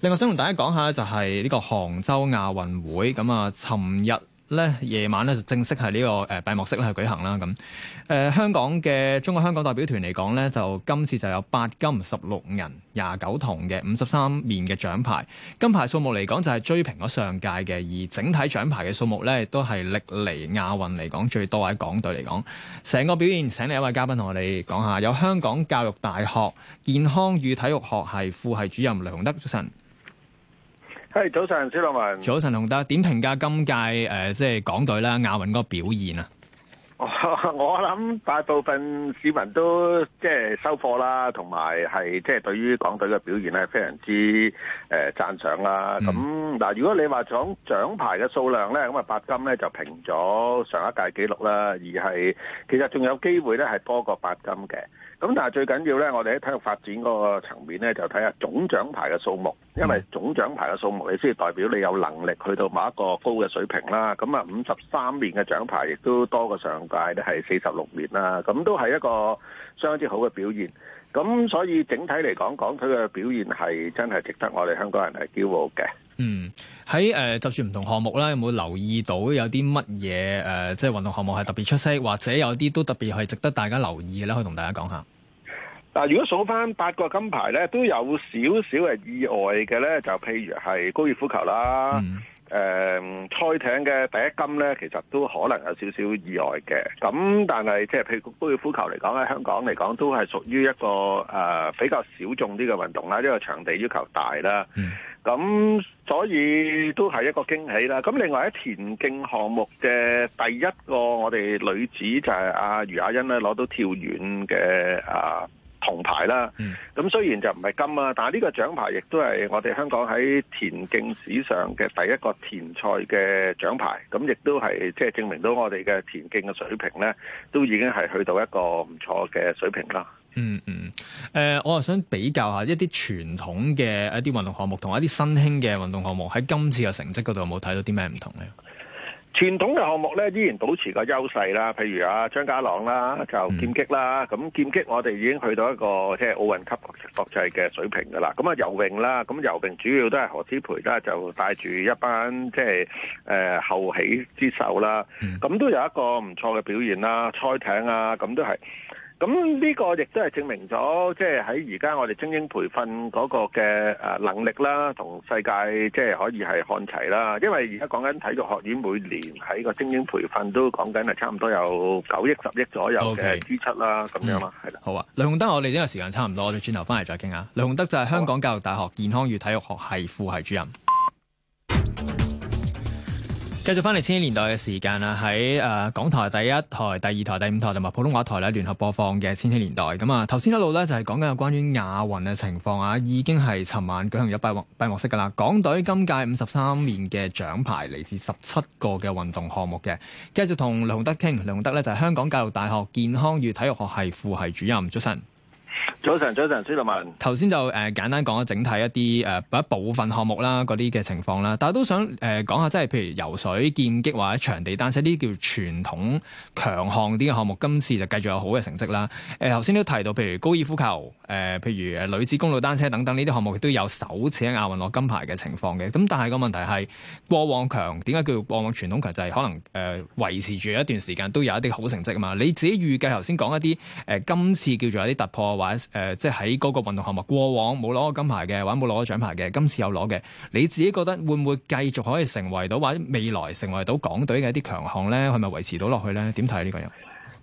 另外想同大家講下咧，就係呢個杭州亞運會咁啊，尋日咧夜晚咧就正式係呢個誒閉幕式咧去舉行啦。咁、呃、誒香港嘅中國香港代表團嚟講咧，就今次就有八金十六銀廿九銅嘅五十三面嘅獎牌。金牌數目嚟講就係追平咗上屆嘅，而整體獎牌嘅數目咧都係歷嚟亞運嚟講最多喺港隊嚟講。成個表現，請嚟一位嘉賓同我哋講下。有香港教育大學健康與體育學系副系主任雷雄德，早係、hey，早晨，小陸文，早晨雄德，點評價今屆誒、呃，即係港隊咧亞運個表現啊？ 我諗大部分市民都即係收貨啦，同埋係即係對於港隊嘅表現咧，非常之誒讚賞啦。咁、呃、嗱、啊，如果你話講獎牌嘅數量咧，咁啊八金咧就平咗上一屆紀錄啦，而係其實仲有機會咧係多過八金嘅。咁但係最緊要咧，我哋喺體育發展嗰個層面咧，就睇下總獎牌嘅數目，因為總獎牌嘅數目，你先代表你有能力去到某一個高嘅水平啦。咁啊，五十三面嘅獎牌亦都多過上屆咧，係四十六面啦。咁都係一個相當之好嘅表現。咁所以整體嚟講，講佢嘅表現係真係值得我哋香港人係驕傲嘅。嗯，喺誒、呃，就算唔同項目啦，有冇留意到有啲乜嘢誒，即係運動項目係特別出色，或者有啲都特別係值得大家留意嘅咧？可以同大家講下。嗱，如果數翻八個金牌咧，都有少少嘅意外嘅咧，就譬如係高爾夫球啦，誒、嗯呃，賽艇嘅第一金咧，其實都可能有少少意外嘅。咁但係即係譬如高爾夫球嚟講喺香港嚟講都係屬於一個誒、呃、比較小眾啲嘅運動啦，因為場地要求大啦。嗯咁所以都係一個驚喜啦。咁另外喺田徑項目嘅第一個，我哋女子就係阿余雅欣咧攞到跳遠嘅啊銅牌啦。咁、嗯、雖然就唔係金啊，但係呢個獎牌亦都係我哋香港喺田徑史上嘅第一個田賽嘅獎牌。咁亦都係即係證明到我哋嘅田徑嘅水平呢，都已經係去到一個唔錯嘅水平啦。嗯嗯，誒、嗯呃，我啊想比較一下一啲傳統嘅一啲運，運動項目，同一啲新興嘅運動項目喺今次嘅成績嗰度，有冇睇到啲咩唔同啊？傳統嘅項目咧，依然保持個優勢啦，譬如啊，張家朗啦，就劍擊啦，咁、嗯、劍擊我哋已經去到一個即係奧運級國際嘅水平噶啦。咁啊，游泳啦，咁游泳主要都係何詩蓓啦，就帶住一班即係誒後起之秀啦，咁、嗯、都有一個唔錯嘅表現啦，賽艇啊，咁都係。咁呢個亦都係證明咗，即係喺而家我哋精英培訓嗰個嘅能力啦，同世界即係、就是、可以係看齊啦。因為而家講緊體育學院每年喺個精英培訓都講緊係差唔多有九億十億左右嘅支出啦，咁、okay. 樣咯，啦、嗯。好啊，雷雄德，我哋呢個時間差唔多，我哋轉頭翻嚟再傾下。雷雄德就係香港教育大學健康與體育學系副系主任。繼續翻嚟千禧年代嘅時間啦，喺誒港台第一台、第二台、第五台同埋普通話台咧，聯合播放嘅千禧年代。咁啊，頭先一路咧就係講緊有關於亞運嘅情況啊，已經係尋晚舉行咗閉幕閉幕式噶啦。港隊今屆五十三面嘅獎牌嚟自十七個嘅運動項目嘅。繼續同雷雄德傾，雷雄德咧就係香港教育大學健康與體育學系副系主任。早晨。早晨，早晨，薛立文。頭先就誒、呃、簡單講咗整體一啲誒一部分項目啦，嗰啲嘅情況啦。但係都想誒、呃、講下，即係譬如游水、劍擊或者場地單車呢啲叫傳統強項啲嘅項目，今次就繼續有好嘅成績啦。誒、呃，頭先都提到，譬如高爾夫球，誒、呃，譬如誒女子公路單車等等呢啲項目，亦都有首次喺亞運攞金牌嘅情況嘅。咁但係個問題係過往強，點解叫做過往傳統強？就係、是、可能誒、呃、維持住一段時間都有一啲好成績啊嘛。你自己預計頭先講一啲誒、呃、今次叫做有啲突破誒，即係喺嗰個運動項目過往冇攞過金牌嘅，或者冇攞過獎牌嘅，今次有攞嘅，你自己覺得會唔會繼續可以成為到，或者未來成為到港隊嘅一啲強項咧？係咪維持到落去咧？點睇呢個人？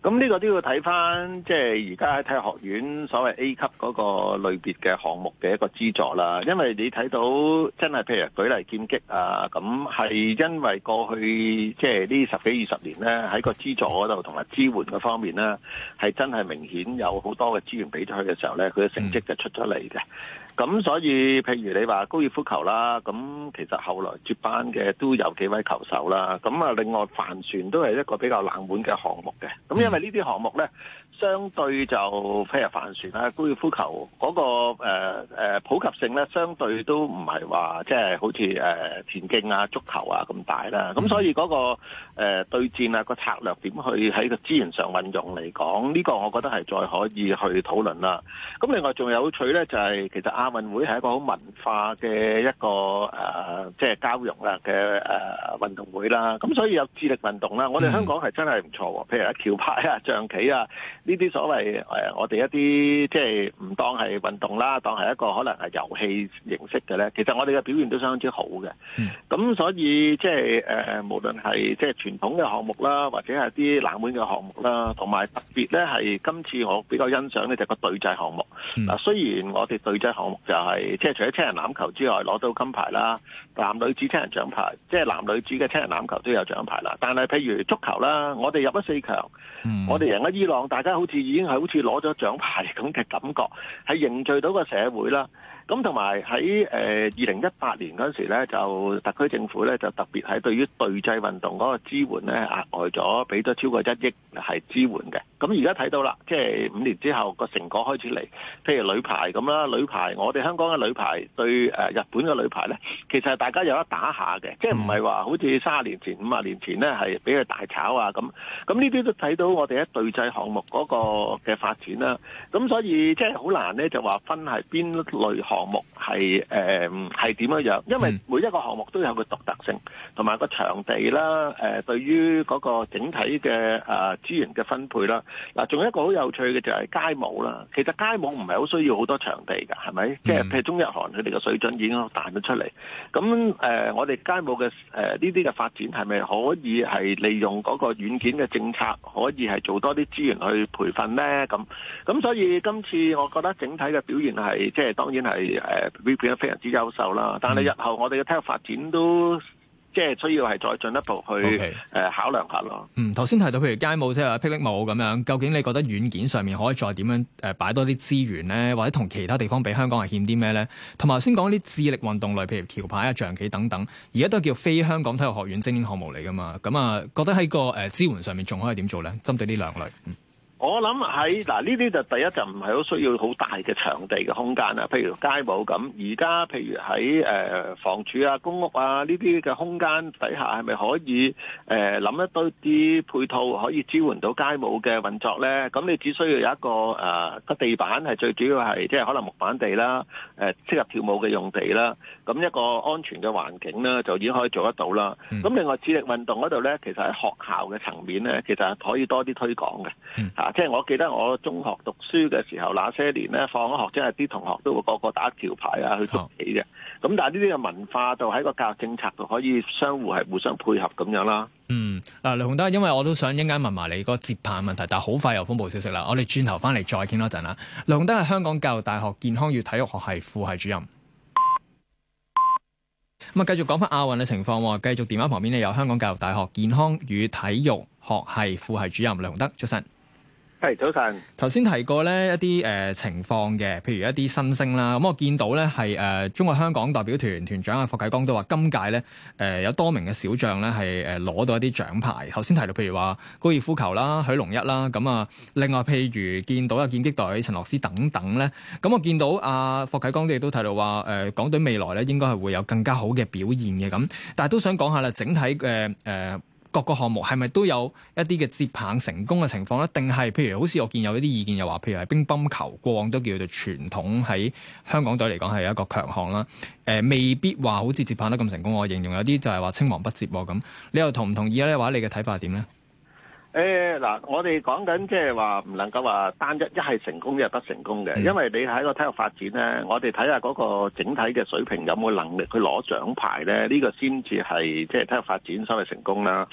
咁呢個都要睇翻，即係而家喺體育學院所謂 A 級嗰個類別嘅項目嘅一個資助啦。因為你睇到真係譬如舉例劍擊啊，咁係因為過去即係呢十幾二十年咧，喺個資助嗰度同埋支援嘅方面咧，係真係明顯有好多嘅資源俾咗佢嘅時候咧，佢嘅成績就出咗嚟嘅。嗯咁所以，譬如你話高爾夫球啦，咁其實後來接班嘅都有幾位球手啦。咁啊，另外帆船都係一個比較冷門嘅項目嘅。咁因為呢啲項目咧。相對就譬如帆船啊、高爾夫球嗰、那個誒、呃呃、普及性咧，相對都唔係話即係好似誒、呃、田徑啊、足球啊咁大啦。咁所以嗰、那個誒、呃、對戰啊、個策略點去喺個資源上運用嚟講，呢、這個我覺得係再可以去討論啦。咁另外仲有趣咧、就是，就係其實亞運會係一個好文化嘅一個誒、呃，即係交融啦嘅誒運動會啦。咁所以有智力運動啦，我哋香港係真係唔錯喎，譬如橋牌啊、象棋啊。呢啲所謂誒、呃，我哋一啲即係唔當係運動啦，當係一個可能係遊戲形式嘅咧。其實我哋嘅表現都相當之好嘅。咁、嗯、所以即係誒、呃，無論係即係傳統嘅項目啦，或者係啲冷門嘅項目啦，同埋特別咧係今次我比較欣賞咧就個隊際項目。嗱、嗯，雖然我哋隊際項目就係、是、即係除咗三人欖球之外攞到金牌啦，男女子三人獎牌，即係男女子嘅三人欖球都有獎牌啦。但係譬如足球啦，我哋入咗四強，我哋贏咗伊朗，嗯、大家。好似已經係好似攞咗獎牌咁嘅感覺，係凝聚到個社會啦。咁同埋喺誒二零一八年嗰時咧，就特區政府咧就特別係對於對際運動嗰個支援咧，額外咗俾咗超過一億係支援嘅。咁而家睇到啦，即係五年之後個成果開始嚟，譬如女排咁啦，女排我哋香港嘅女排對誒日本嘅女排咧，其實大家有得打一下嘅，即係唔係話好似三十年前、五十年前咧係俾佢大炒啊咁。咁呢啲都睇到我哋喺對制項目嗰個嘅發展啦。咁所以即係好難咧，就話分係邊類項目係誒係點樣樣，因為每一個項目都有個獨特性，同埋個場地啦，誒、呃、對於嗰個整體嘅誒、呃、資源嘅分配啦。呃嗱，仲有一個好有趣嘅就係街舞啦。其實街舞唔係好需要好多場地嘅，係咪？即係譬如中日韓佢哋嘅水準已經彈咗出嚟。咁誒、呃，我哋街舞嘅誒呢啲嘅發展係咪可以係利用嗰個軟件嘅政策，可以係做多啲資源去培訓咧？咁咁所以今次我覺得整體嘅表現係即係當然係誒表現得非常之優秀啦。但係你日後我哋嘅體育發展都。即、就、係、是、需要係再進一步去考量下咯。Okay. 嗯，頭先提到譬如街舞即係霹靂舞咁樣，究竟你覺得軟件上面可以再點樣誒擺多啲資源咧？或者同其他地方比香港係欠啲咩咧？同埋先講啲智力運動類，譬如橋牌啊、象棋等等，而家都叫非香港體育學院精英項目嚟㗎嘛。咁、嗯、啊，覺得喺個誒支援上面仲可以點做咧？針對呢兩類。我諗喺嗱呢啲就第一就唔係好需要好大嘅場地嘅空間啦，譬如街舞咁。而家譬如喺誒、呃、房署啊、公屋啊呢啲嘅空間底下，係咪可以誒諗、呃、一堆啲配套可以支援到街舞嘅運作咧？咁你只需要有一個誒個、呃、地板係最主要係即係可能木板地啦，誒、呃、適合跳舞嘅用地啦，咁一個安全嘅環境咧就已經可以做得到啦。咁、嗯、另外智力運動嗰度咧，其實喺學校嘅層面咧，其實係可以多啲推廣嘅。啊即係我記得我中學讀書嘅時候，那些年呢，放咗學，即係啲同學都會個個，個打橋牌啊，去屋企嘅。咁但係呢啲嘅文化就喺個教育政策度可以相互係互相配合咁樣啦。嗯，嗱、呃，雷雄德，因為我都想一陣間問埋你嗰個接棒問題，但係好快又風暴消息啦。我哋轉頭翻嚟再傾多陣啦。雷雄德係香港教育大學健康與體育學系副系主任。咁、呃、啊，繼續講翻亞運嘅情況。繼續電話旁邊呢有香港教育大學健康與體育學系副系主任雷雄德，早晨。係早晨。頭先提過咧一啲誒情況嘅，譬如一啲新星啦。咁我見到咧係誒中國香港代表團團長啊霍啟剛都話，今屆咧誒有多名嘅小將咧係誒攞到一啲獎牌。頭先提到，譬如話高爾夫球啦、許龍一啦。咁啊，另外譬如見到啊劍擊隊陳樂思等等咧。咁我見到阿霍啟剛都亦都提到話，誒港隊未來咧應該係會有更加好嘅表現嘅。咁，但係都想講下啦，整體嘅誒。呃各個項目係咪都有一啲嘅接棒成功嘅情況咧？定係譬如好似我見有一啲意見又話，譬如係乒乓球，過往都叫做傳統喺香港隊嚟講係一個強項啦，呃，未必話好似接棒得咁成功。我形容有啲就係話青黃不接咁。你又同唔同意咧？話你嘅睇法係點咧？誒嗱，我哋講緊即係話唔能夠話單一一係成功，一係不成功嘅，因為你喺個體育發展咧，我哋睇下嗰個整體嘅水平有冇能力去攞獎牌咧，呢個先至係即係體育發展所謂係成功啦。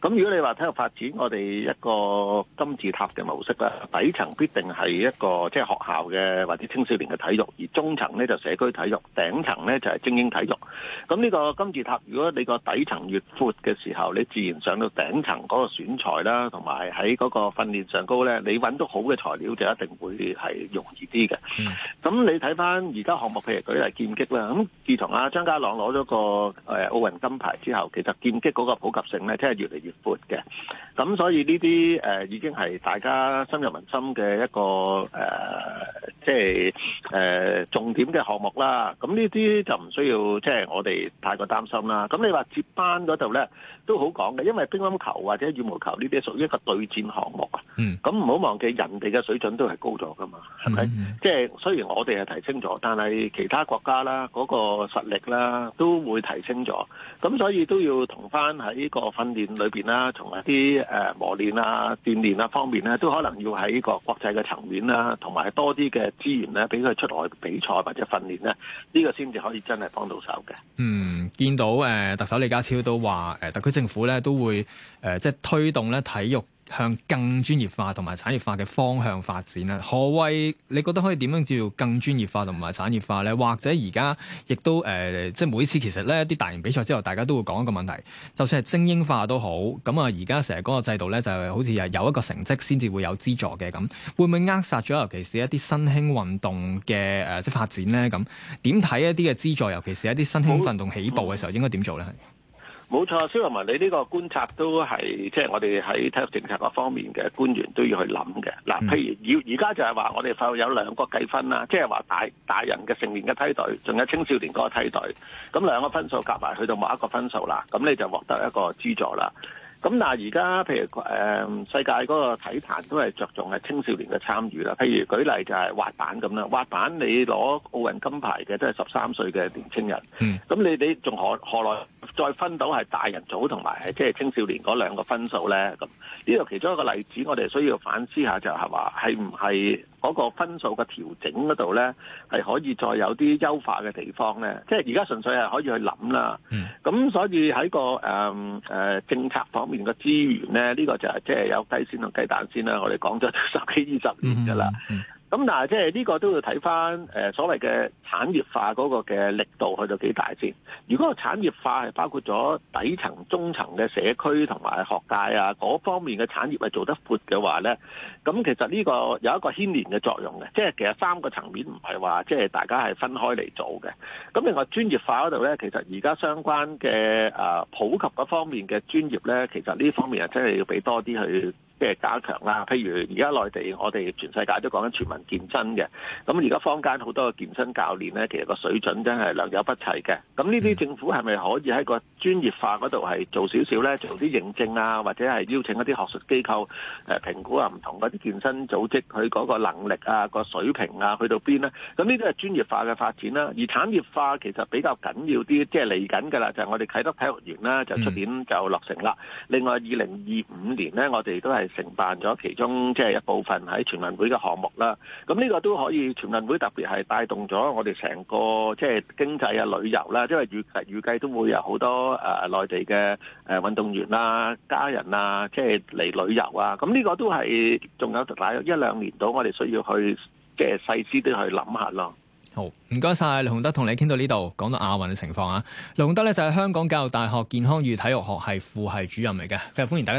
咁如果你話體育發展，我哋一個金字塔嘅模式啦，底層必定係一個即係學校嘅或者青少年嘅體育，而中層咧就社區體育，頂層咧就係精英體育。咁呢個金字塔，如果你個底層越闊嘅時候，你自然上到頂層嗰個選材啦。同埋喺嗰個訓練上高咧，你揾到好嘅材料就一定會係容易啲嘅。咁你睇返而家項目，譬如舉例劍擊啦，咁自從啊張家朗攞咗個誒奧運金牌之後，其實劍擊嗰個普及性咧，真係越嚟越闊嘅。咁所以呢啲誒已經係大家深入民心嘅一個誒，即係誒重點嘅項目啦。咁呢啲就唔需要即係、就是、我哋太過擔心啦。咁你話接班嗰度咧都好講嘅，因為乒乓球或者羽毛球呢啲。屬於一個對戰項目啊！咁唔好忘記，人哋嘅水準都係高咗㗎嘛，係、嗯、咪？即係雖然我哋係提升咗，但係其他國家啦嗰、那個實力啦都會提升咗。咁所以都要同翻喺個訓練裏邊啦，同埋啲誒磨練啊、鍛鍊啊方面咧、啊，都可能要喺個國際嘅層面啦，同埋多啲嘅資源咧，俾佢出外比賽或者訓練咧，呢、這個先至可以真係幫到手嘅。嗯，見到誒、呃、特首李家超都話誒、呃、特區政府咧都會誒、呃、即係推動咧。體育向更專業化同埋產業化嘅方向發展啦。何謂你覺得可以點樣叫更專業化同埋產業化咧？或者而家亦都誒、呃，即係每次其實咧一啲大型比賽之後，大家都會講一個問題，就算係精英化都好。咁啊，而家成日嗰個制度咧，就係好似係有一個成績先至會有資助嘅咁，會唔會扼殺咗尤其是一啲新興運動嘅誒即係發展咧？咁點睇一啲嘅資助，尤其是一啲新興運動起步嘅時候應該點做咧？冇錯，蕭文民，你呢個觀察都係即係我哋喺體育政策嗰方面嘅官員都要去諗嘅。嗱、啊，譬如而而家就係話，我哋快有兩個計分啦，即係話大大人嘅成年嘅梯隊，仲有青少年嗰個梯隊，咁兩個分數夾埋去到某一個分數啦，咁你就獲得一個資助啦。咁嗱，而、啊、家譬如、呃、世界嗰個體壇都係着重係青少年嘅參與啦。譬如舉例就係滑板咁啦，滑板你攞奧運金牌嘅都係十三歲嘅年青人，咁你你仲何何來？再分到係大人組同埋即係青少年嗰兩個分數呢。咁呢個其中一個例子，我哋需要反思下就係話係唔係嗰個分數嘅調整嗰度呢，係可以再有啲優化嘅地方呢？即係而家純粹係可以去諗啦。咁所以喺個誒誒、呃、政策方面嘅資源呢，呢個就係即係有雞先同雞蛋先啦。我哋講咗十幾二十年噶啦。嗯嗯嗯嗯咁但係，即係呢個都要睇翻誒所謂嘅產業化嗰個嘅力度去到幾大先。如果個產業化係包括咗底層、中層嘅社區同埋學界啊嗰方面嘅產業係做得闊嘅話咧，咁其實呢個有一個牽連嘅作用嘅。即係其實三個層面唔係話即係大家係分開嚟做嘅。咁另外專業化嗰度咧，其實而家相關嘅誒普及嗰方面嘅專業咧，其實呢方面啊真係要俾多啲去。即係加強啦，譬如而家內地，我哋全世界都講緊全民健身嘅。咁而家坊間好多嘅健身教練咧，其實個水準真係良莠不齊嘅。咁呢啲政府係咪可以喺個專業化嗰度係做少少咧？做啲認證啊，或者係邀請一啲學術機構誒、呃、評估啊，唔同嗰啲健身組織佢嗰個能力啊、個水平啊，去到邊咧？咁呢啲係專業化嘅發展啦、啊。而產業化其實比較緊要啲，即係嚟緊㗎啦，就係、就係、我哋啟德體育園啦，就出年就落成啦、嗯。另外，二零二五年咧，我哋都係。承辦咗其中即係一部分喺全運會嘅項目啦，咁呢個都可以全運會特別係帶動咗我哋成個即係經濟啊、旅遊啦，因為預預計都會有好多誒內地嘅誒運動員啦、家人啊，即係嚟旅遊啊，咁呢個都係仲有大約一兩年度，我哋需要去即係細緻啲去諗下咯。好，唔該曬雄德，同你傾到呢度，講到亞運嘅情況啊。雄德咧就係香港教育大學健康與體育學系副系主任嚟嘅，今日歡迎大家。